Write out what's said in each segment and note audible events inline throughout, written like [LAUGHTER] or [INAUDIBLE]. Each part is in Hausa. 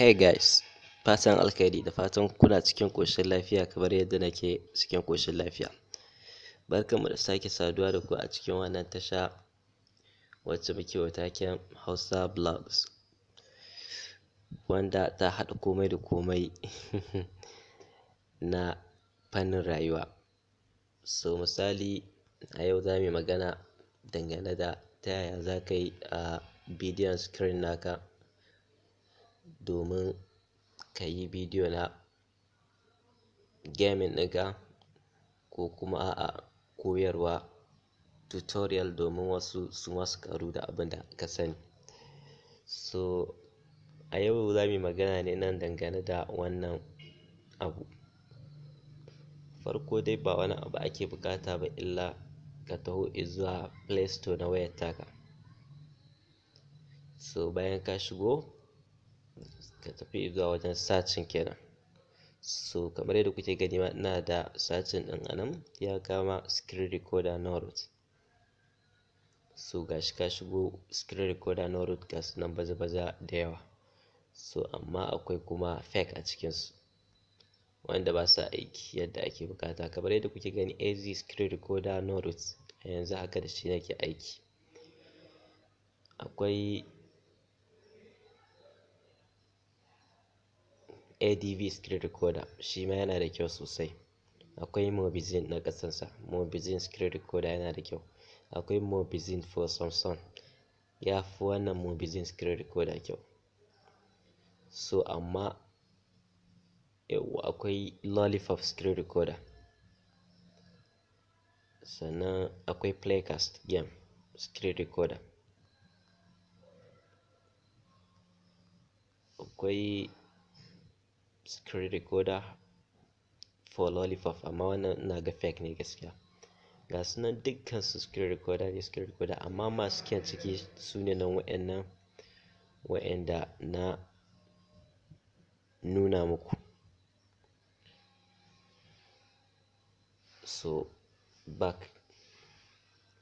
Hey guys, fatan alkhairi da fatan kuna cikin ƙoshin lafiya kamar yadda nake cikin ƙoshin lafiya. Barkanmu da sake saduwa da ku a cikin wannan tasha wacce muke wa taken Hausa Blogs wanda ta haɗa komai da komai [LAUGHS] na fannin rayuwa. So misali a yau za mu yi magana dangane da ta yaya za ka yi a bidiyon screen naka domin ka yi bidiyo na gamin ɗinka ko kuma a koyarwa tutorial domin wasu su masu karu da abin da ka sani so a yau za mu yi magana ne nan dangane da wannan abu farko dai ba wani abu ake bukata ba illa ka taho zuwa play na wayar taka so bayan ka shigo ka tafi zuwa wajen sacin kenan so kamar yadda kuke gani ma ina da sacin ɗin a nan ya kama screen recorder root so gashi ka shigo screen recorder root ga su nan baza-baza da yawa so amma akwai kuma fake a cikinsu wanda ba sa aiki yadda ake bukata kamar yadda kuke gani az screen recorder root a yanzu haka da shi nake aiki akwai adv screen recorder shi ma yana da kyau sosai akwai mobizin na kasansa mobizin screen recorder yana da kyau akwai mobizin for samsung ya fi wannan mobizin screen recorder kyau so amma yawwa akwai lollipop screen recorder sannan akwai playcast game screen recorder akwai screen recorder for lollipop amma wannan ina ga fake ne gaskiya ga su nan dukkan su screen recorder ne screen recorder amma masu kyan ciki su ne nan wa'annan wa'anda na nuna muku so back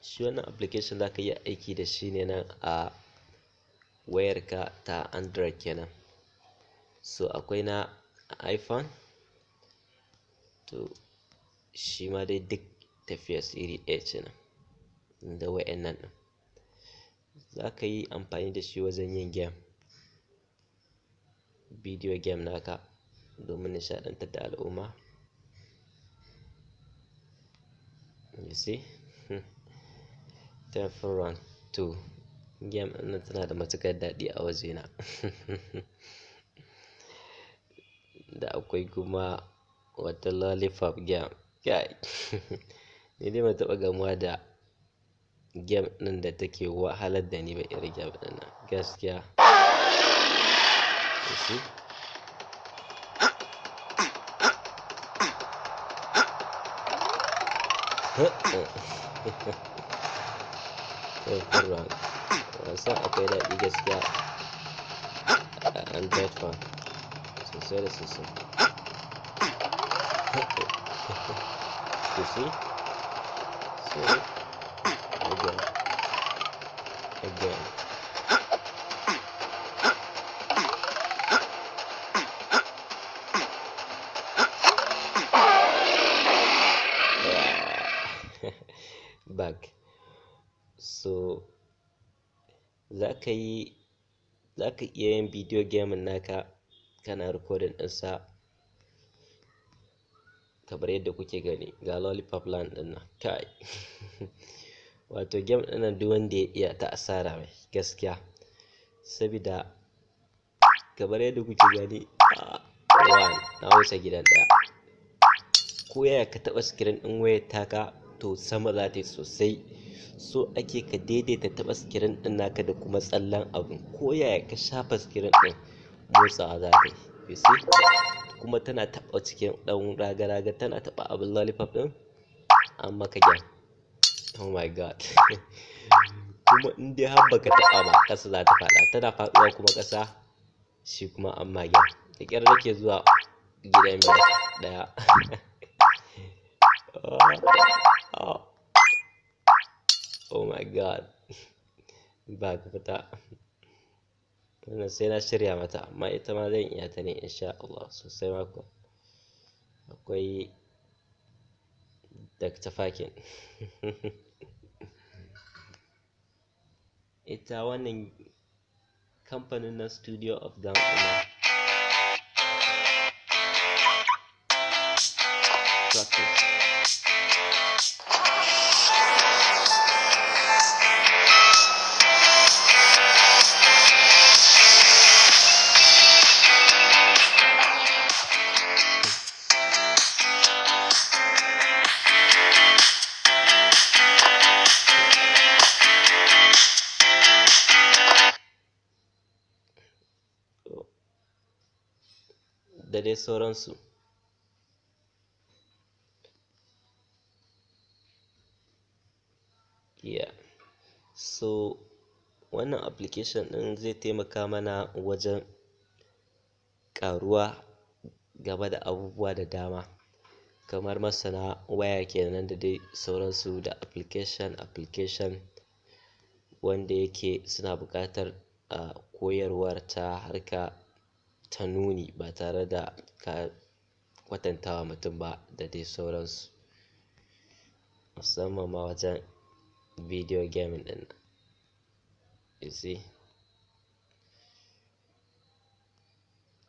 shi wannan application za ka yi aiki da shi ne nan a wayarka ta android kenan so akwai na iphone to shi ma dai duk tafiyar iri ɗaya ce nan da wa'annan ɗin za ka yi amfani da shi wajen yin game bidiyo game naka domin nishaɗantar da al'umma you see [LAUGHS] for run 2 game ɗin tana da matuƙar daɗi a wajena [LAUGHS] da akwai kuma wata lollipop game. Kai [LAUGHS] ni dai ban taɓa gamuwa da game ɗin da take wahalar da ni ba irin game ɗin nan gaskiya. [LAUGHS] Wasan akwai daɗi gaskiya. Android phone. sosai da sosai sosai sosai again again back so za ka yi za ka iya yin bidiyo gemin naka kana recording ɗinsa kamar yadda kuke gani ga lollipop land ɗin nan kai [LAUGHS] wato game ɗin nan duk wanda ya iya ta asara mai gaskiya sabida kamar yadda kuke gani ah, na wuce gidan ɗaya ko yaya ka taɓa sikirin ɗin wayar taka to sama za ta yi sosai so ake ka daidaita taɓa sikirin ɗin naka da kuma tsallan abin ko yaya ka shafa sikirin ɗin motsawa za ta yi you see kuma tana taɓa cikin ɗan raga-raga tana taɓa abin lollipop ɗin an maka gyan oh my god [LAUGHS] kuma in dai har baka taɓa ba ƙasa za ta faɗa tana faɗuwa kuma ƙasa shi kuma an ma gyan da ƙyar nake zuwa gidan biyar ɗaya [LAUGHS] oh my god ba ka fita wannan sai na shirya mata amma ita ma zan iya ta ne insha Allah sosai mako akwai Dr. Fakin [LAUGHS] ita wannan kamfanin na Studio of Down Umar da dai sauransu yeah so wannan application ɗin zai taimaka mana wajen ƙaruwa game da abubuwa da dama kamar masana waya kenan da dai sauransu da application application wanda yake suna buƙatar a ah, koyarwar ta harka ta nuni ba tare da ka kwatantawa mutum ba da dai sauransu musamman ma wajen video gaming ɗin nan you see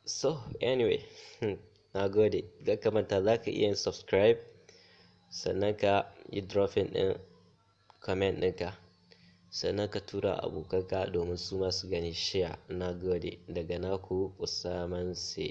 so anyway hmm, na gode ga kamanta za ka iya yin subscribe sannan ka yi dropping ɗin comment ɗinka sannan ka tura abokanka domin su ma su gani share. Na gode daga naku Usaman se